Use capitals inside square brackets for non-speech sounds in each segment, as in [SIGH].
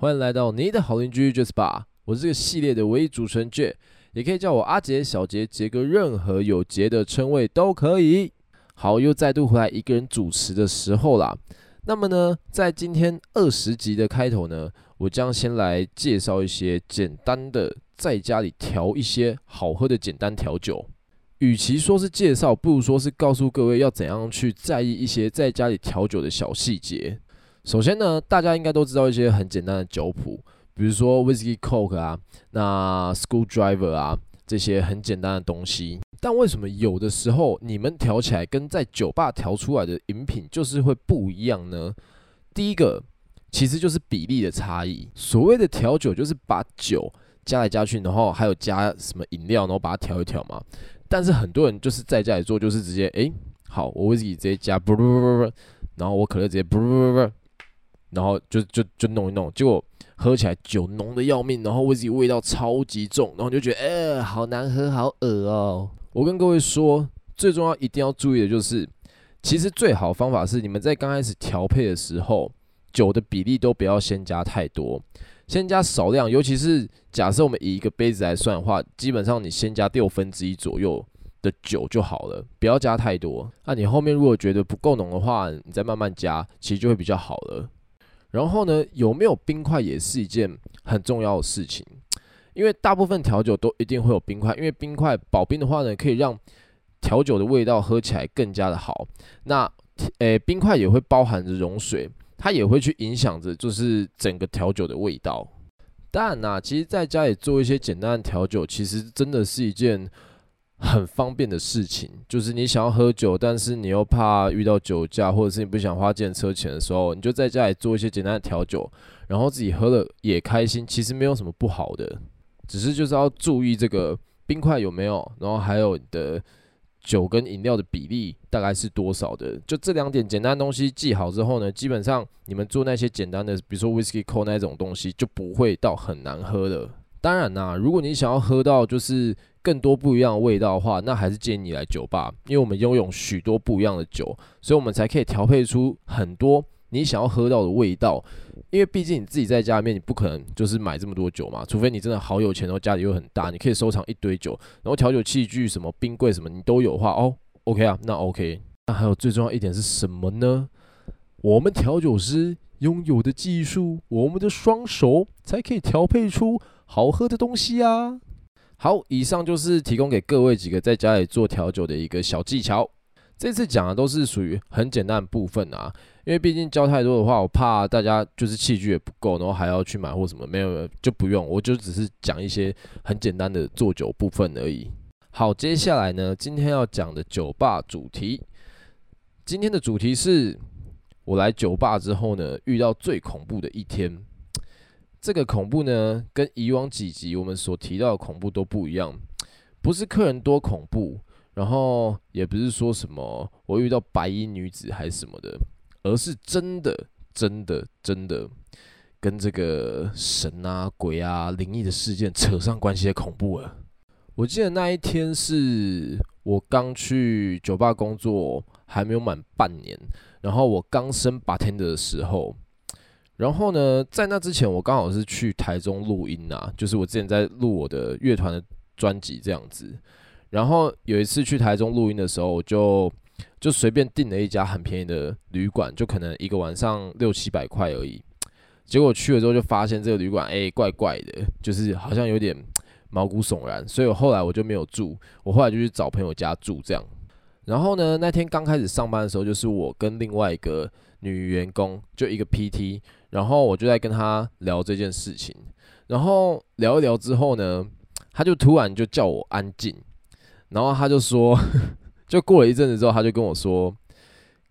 歡迎來到你的好鄰居杰斯霸我是這個系列的唯一主持人杰，也可以叫我阿杰、小杰、杰哥，任何有杰的稱謂都可以。好，又再度回來一個人主持的時候啦。那麼呢，在今天二十集的開頭呢，我將先來介紹一些簡單的在家裡調一些好喝的簡單調酒。與其說是介紹，不如說是告訴各位要怎樣去在意一些在家裡調酒的小細節。首先呢，大家應該都知道一些很簡單的酒譜，比如說 Whisky Coke 啊，那 Screwdriver 啊，這些很簡單的東西。但為什麼有的時候你們調起來跟在酒吧調出來的飲品就是會不一樣呢？第一個，其實就是比例的差異。所謂的調酒，就是把酒加來加去，然後還有加什麼飲料，然後把它調一調嘛。但是很多人就是在家裡做，就是直接哎、欸，好，我自己直接加不不、呃、然後我可樂直接不不、呃、然後就就就弄一弄，結果喝起來酒濃得要命，然後我自己味道超級重，然後就覺得哎、欸，好難喝，好惡哦。我跟各位說，最重要一定要注意的就是，其實最好的方法是你們在剛開始調配的時候，酒的比例都不要先加太多。先加少量，尤其是假設我們以一個杯子來算的話，基本上你先加六分之一左右的酒就好了，不要加太多。那、啊、你後面如果覺得不夠濃的話，你再慢慢加，其實就會比較好了。然後呢，有沒有冰塊也是一件很重要的事情，因為大部分調酒都一定會有冰塊，因為冰塊保冰的話呢，可以讓調酒的味道喝起來更加的好。那誒、欸，冰塊也會包含着融水。它也會去影響着，就是整個調酒的味道。當然啦，其實在家裡做一些簡單的調酒，其實真的是一件很方便的事情。就是你想要喝酒，但是你又怕遇到酒駕，或者是你不想花計程車錢的時候，你就在家裡做一些簡單的調酒，然後自己喝了也開心。其實沒有什麼不好的，只是就是要注意這個冰塊有沒有，然後還有你的。酒跟飲料的比例大概是多少的？就這兩點簡單的東西記好之後呢，基本上你們做那些簡單的，比如說 Whiskey Coke 那種東西就不會到很難喝的。當然啦、啊，如果你想要喝到就是更多不一樣的味道的話，那還是建議你來酒吧，因為我們擁有許多不一樣的酒，所以我們才可以調配出很多。你想要喝到的味道，因為畢竟你自己在家裡面，你不可能就是買這麼多酒嘛，除非你真的好有錢，然後家裡又很大，你可以收藏一堆酒，然後調酒器具什麼冰櫃什麼你都有話哦，OK 啊，那 OK。那還有最重要一點是什麼呢？我們調酒師擁有的技術，我們的雙手才可以調配出好喝的東西啊。好，以上就是提供給各位幾個在家裡做調酒的一個小技巧。這次講的都是屬於很簡單的部分啊，因為畢竟教太多的話，我怕大家就是器具也不夠，然後還要去買或什麼，沒有就不用，我就只是講一些很簡單的做酒部分而已。好，接下來呢，今天要講的酒吧主題，今天的主題是，我來酒吧之後呢，遇到最恐怖的一天。這個恐怖呢，跟以往幾集我們所提到的恐怖都不一樣，不是客人多恐怖。然後也不是說什麼我遇到白衣女子還是什麼的，而是真的真的真的跟這個神啊鬼啊靈異的事件扯上關係的恐怖了。我記得那一天是我剛去酒吧工作還沒有滿半年，然後我剛升 bartender 的時候，然後呢，在那之前我剛好是去台中錄音啊，就是我之前在錄我的樂團的專輯這樣子。然後有一次去台中錄音的時候，我就就隨便訂了一家很便宜的旅館，就可能一個晚上六七百塊而已。結果去了之後就發現這個旅館，哎、欸，怪怪的，就是好像有點毛骨悚然。所以我後來我就沒有住，我後來就去找朋友家住這樣。然後呢，那天剛開始上班的時候，就是我跟另外一個女員工，就一個 PT，然後我就在跟她聊這件事情。然後聊一聊之後呢，她就突然就叫我安靜。然後他就說， [LAUGHS] 就過了一陣子之後，他就跟我說，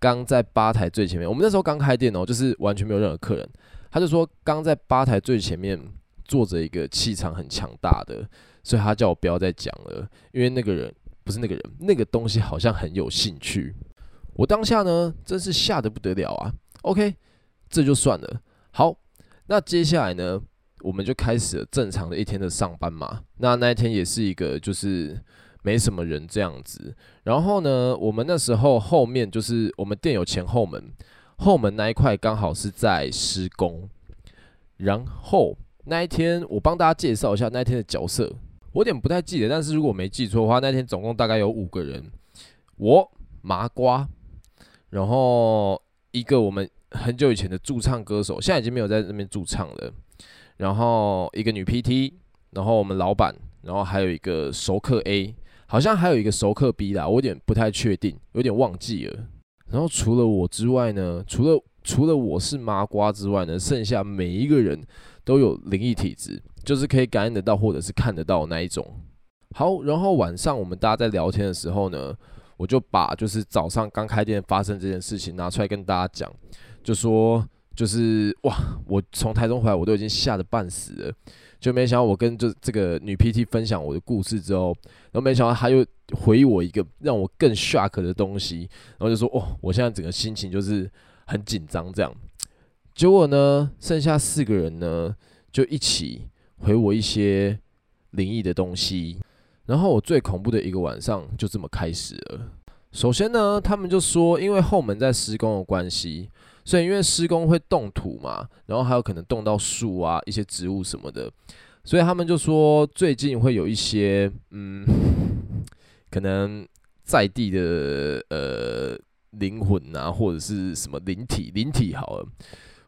剛在吧台最前面，我們那時候剛開店哦，就是完全沒有任何客人。他就說，剛在吧台最前面坐着一個氣場很強大的，所以他叫我不要再講了，因為那個人不是那個人，那個東西好像很有興趣。我當下呢，真是嚇得不得了啊。OK，這就算了。好，那接下來呢，我們就開始了正常的一天的上班嘛。那那一天也是一個就是。沒什麼人這樣子，然後呢，我們那時候後面就是我們店有前後門，後門那一塊剛好是在施工，然後那一天我幫大家介紹一下那一天的角色，我有點不太記得，但是如果我沒記錯的話，那天總共大概有五個人，我麻瓜，然後一個我們很久以前的駐唱歌手，現在已經沒有在那邊駐唱了，然後一個女 PT，然後我們老闆，然後還有一個熟客 A。好像還有一個熟客 B 啦，我有點不太確定，有點忘記了。然後除了我之外呢，除了除了我是麻瓜之外呢，剩下每一個人都有靈異體質，就是可以感應得到或者是看得到那一種。好，然後晚上我們大家在聊天的時候呢，我就把就是早上剛開店發生這件事情拿出來跟大家講，就說就是哇，我從台中回來我都已經嚇得半死了。就沒想到我跟這這個女 PT 分享我的故事之後，然後沒想到她又回我一個讓我更 shock 的東西，然後就說：哦，我現在整個心情就是很緊張這樣。結果呢，剩下四個人呢就一起回我一些靈異的東西，然後我最恐怖的一個晚上就這麼開始了。首先呢，他們就說因為後門在施工的關係。所以，因為施工會動土嘛，然後還有可能動到樹啊、一些植物什麼的，所以他們就說最近會有一些嗯，可能在地的呃靈魂啊，或者是什麼靈體，靈體好了，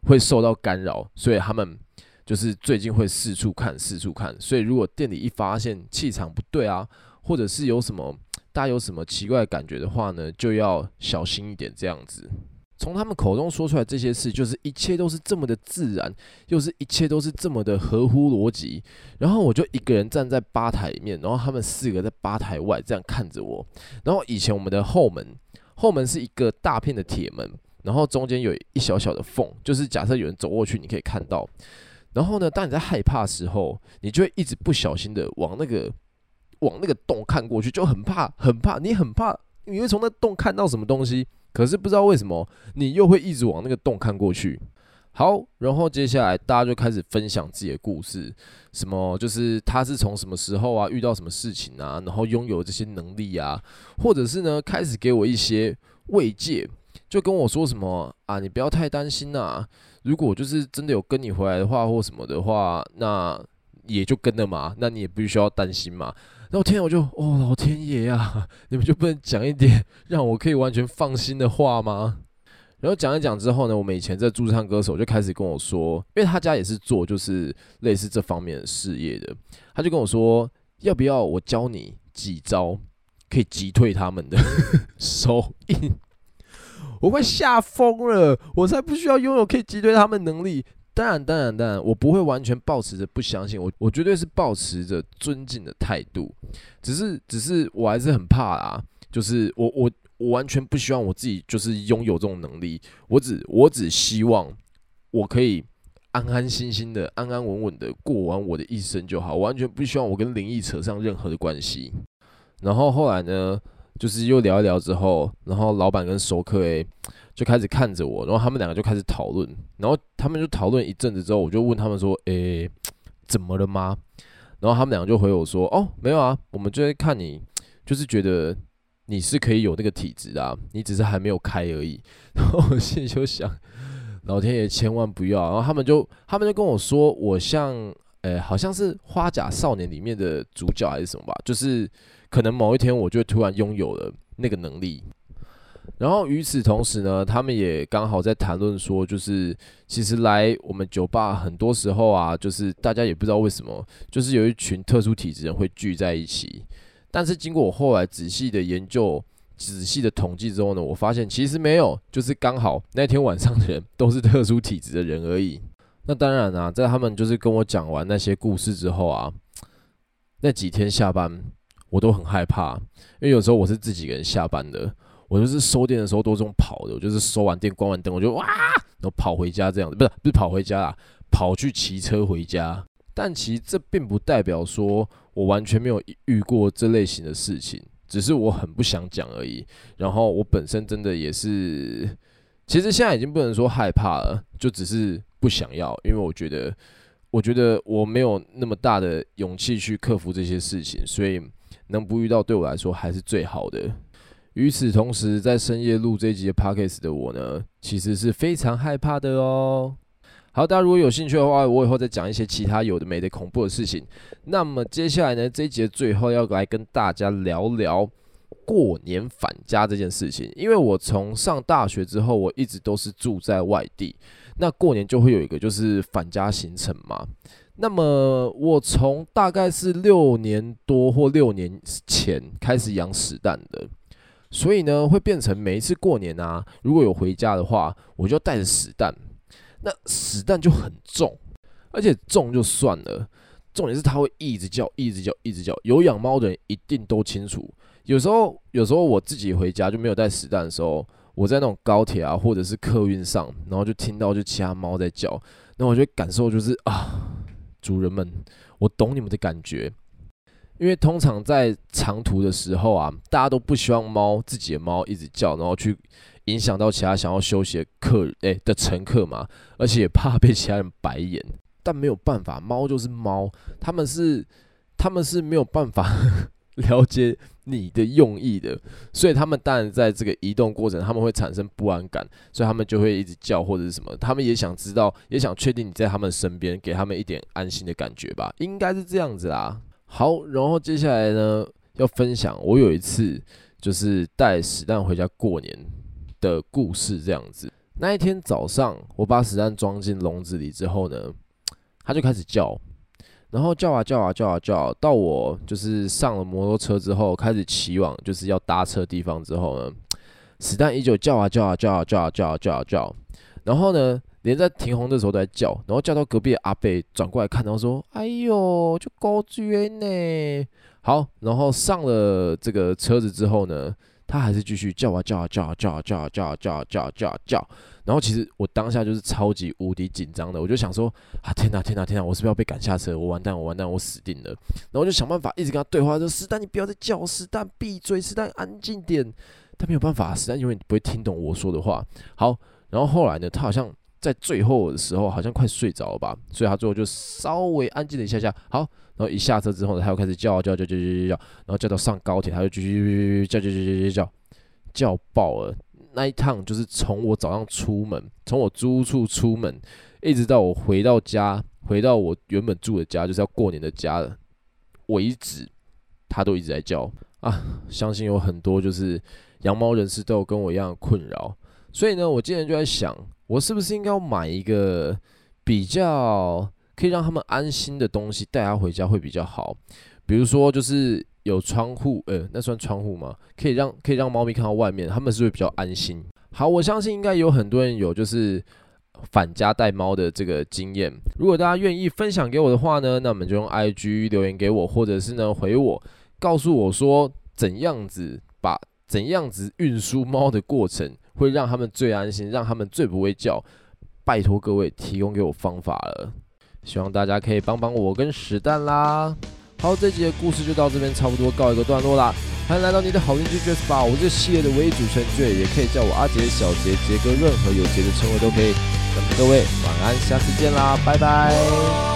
會受到干擾，所以他們就是最近會四處看，四處看。所以，如果店裡一發現氣場不對啊，或者是有什麼大家有什麼奇怪的感覺的話呢，就要小心一點，這樣子。從他們口中說出來這些事，就是一切都是這麼的自然，又是一切都是這麼的合乎邏輯。然後我就一個人站在吧台裡面，然後他們四個在吧台外這樣看着我。然後以前我們的後門，後門是一個大片的鐵門，然後中間有一小小的縫，就是假設有人走過去，你可以看到。然後呢，當你在害怕的時候，你就會一直不小心的往那個往那個洞看過去，就很怕，很怕，你很怕，你會從那洞看到什麼東西？可是不知道為什麼，你又會一直往那個洞看過去。好，然後接下來大家就開始分享自己的故事，什麼就是他是從什麼時候啊遇到什麼事情啊，然後擁有這些能力啊，或者是呢開始給我一些慰藉，就跟我說什麼啊，你不要太擔心吶，啊，如果就是真的有跟你回來的話或什麼的話，那。也就跟了嘛，那你也不需要擔心嘛。然後天，我就哦，老天爺呀、啊，你們就不能講一點讓我可以完全放心的話嗎？然後講一講之後呢，我們以前在駐唱歌手就開始跟我說，因為他家也是做就是類似這方面的事業的，他就跟我說，要不要我教你幾招可以擊退他們的手印？ [LAUGHS] So、我快嚇瘋了，我才不需要擁有可以擊退他們的能力。當然，當然，當然，我不會完全抱持著不相信，我我絕對是抱持著尊敬的態度，只是，只是，我還是很怕啦，就是我，我，我完全不希望我自己就是擁有這種能力，我只，我只希望我可以安安心心的、安安穩穩的過完我的一生就好，我完全不希望我跟靈異扯上任何的關係。然後後來呢，就是又聊一聊之後，然後老闆跟熟客誒就開始看着我，然後他們兩個就開始討論，然後他們就討論一陣子之後，我就問他們說：“哎、欸，怎麼了嗎？”然後他們兩個就回我說：“哦，沒有啊，我們就在看你，就是覺得你是可以有那個體質的啊，你只是還沒有開而已。”然後我心裡就想：“老天爺千萬不要！”然後他們就他們就跟我說：“我像……”呃，好像是花甲少年裡面的主角還是什麼吧，就是可能某一天我就突然擁有了那個能力，然後與此同時呢，他們也剛好在談論說，就是其實來我們酒吧很多時候啊，就是大家也不知道為什麼，就是有一群特殊體質人會聚在一起，但是經過我後來仔細的研究、仔細的統計之後呢，我發現其實沒有，就是剛好那天晚上的人都是特殊體質的人而已。那當然啊，在他們就是跟我講完那些故事之後啊，那幾天下班我都很害怕，因為有時候我是自己一個人下班的，我就是收店的時候都是用跑的，我就是收完店關完燈，我就哇，我跑回家這樣子，不是不是跑回家啊，跑去騎車回家。但其實這並不代表說我完全沒有遇過這類型的事情，只是我很不想講而已。然後我本身真的也是，其實現在已經不能說害怕了，就只是。不想要，因為我覺得，我覺得我沒有那麼大的勇氣去克服這些事情，所以能不遇到對我來說還是最好的。與此同時，在深夜錄這一集 podcast 的我呢，其實是非常害怕的哦。好，大家如果有興趣的話，我以後再講一些其他有的沒的恐怖的事情。那麼接下來呢，這一節最後要來跟大家聊聊過年返家這件事情，因為我從上大學之後，我一直都是住在外地。那過年就會有一個就是返家行程嘛。那麼我從大概是六年多或六年前開始養屎蛋的，所以呢會變成每一次過年啊，如果有回家的話，我就帶着屎蛋。那屎蛋就很重，而且重就算了，重點是它會一直叫，一直叫，一直叫。有養貓的人一定都清楚。有時候，有時候我自己回家就沒有帶屎蛋的時候，我在那種高鐵啊，或者是客運上，然後就聽到就其他貓在叫，那我覺得感受就是啊，主人們，我懂你們的感覺，因為通常在長途的時候啊，大家都不希望貓自己的貓一直叫，然後去影響到其他想要休息的客人、欸，的乘客嘛，而且也怕被其他人白眼，但沒有辦法，貓就是貓，他們是他們是沒有辦法 [LAUGHS] 了解。你的用意的，所以他們當然在這個移動過程，他們會產生不安感，所以他們就會一直叫或者是什麼，他們也想知道，也想確定你在他們身邊，給他們一點安心的感覺吧，應該是這樣子啦。好，然後接下來呢，要分享我有一次就是帶屎蛋回家過年的故事，這樣子。那一天早上，我把屎蛋裝進籠子裡之後呢，它就開始叫。然後叫啊叫啊叫啊叫，到我就是上了摩托車之後，開始騎往就是要搭車地方之後呢，屎蛋依舊叫啊叫啊叫啊叫啊叫啊叫啊叫，然後呢，連在停紅的時候都在叫，然後叫到隔壁的阿伯轉過來看，然後說：“哎呦，就高志呢。”好，然後上了這個車子之後呢，他還是繼續叫啊叫啊叫啊叫啊叫啊叫啊叫啊叫。然後其實我當下就是超級無敵緊張的，我就想說啊，天哪天哪天哪，我是不是要被趕下車？我完蛋我完蛋我死定了。然後我就想辦法一直跟他對話，就屎蛋你不要再叫，屎蛋閉嘴，屎蛋安靜點。他沒有辦法，屎蛋因為你不會聽懂我說的話。好，然後後來呢，他好像在最後的時候好像快睡着了吧，所以他最後就稍微安靜了一下下。好，然後一下車之後呢，他又開始叫叫叫叫叫叫叫，然後叫到上高鐵，他就繼續叫叫叫叫叫叫叫，叫爆了。那一趟就是從我早上出門，從我租屋處出門，一直到我回到家，回到我原本住的家，就是要過年的家了為止，我一直，他都一直在叫啊！相信有很多就是養貓人士都有跟我一樣的困擾，所以呢，我今天就在想，我是不是應該要買一個比較可以讓他們安心的東西，帶它回家會比較好，比如說就是。有窗戶，呃，那算窗戶嗎？可以讓可以讓貓咪看到外面，它們是不是比較安心？好，我相信應該有很多人有就是返家帶貓的這個經驗。如果大家願意分享給我的話呢，那我們就用 IG 留言給我，或者是呢回我，告訴我說怎樣子把怎樣子運輸貓的過程會讓他們最安心，讓他們最不會叫。拜託各位提供給我方法了，希望大家可以幫幫我跟屎蛋啦。好，這集的故事就到這邊，差不多告一個段落啦。歡迎來到你的好鄰居杰斯霸，我這系列的唯一主持人杰，也可以叫我阿杰、小杰、杰哥，任何有杰的稱謂都可以。咱們各位晚安，下次見啦，拜拜。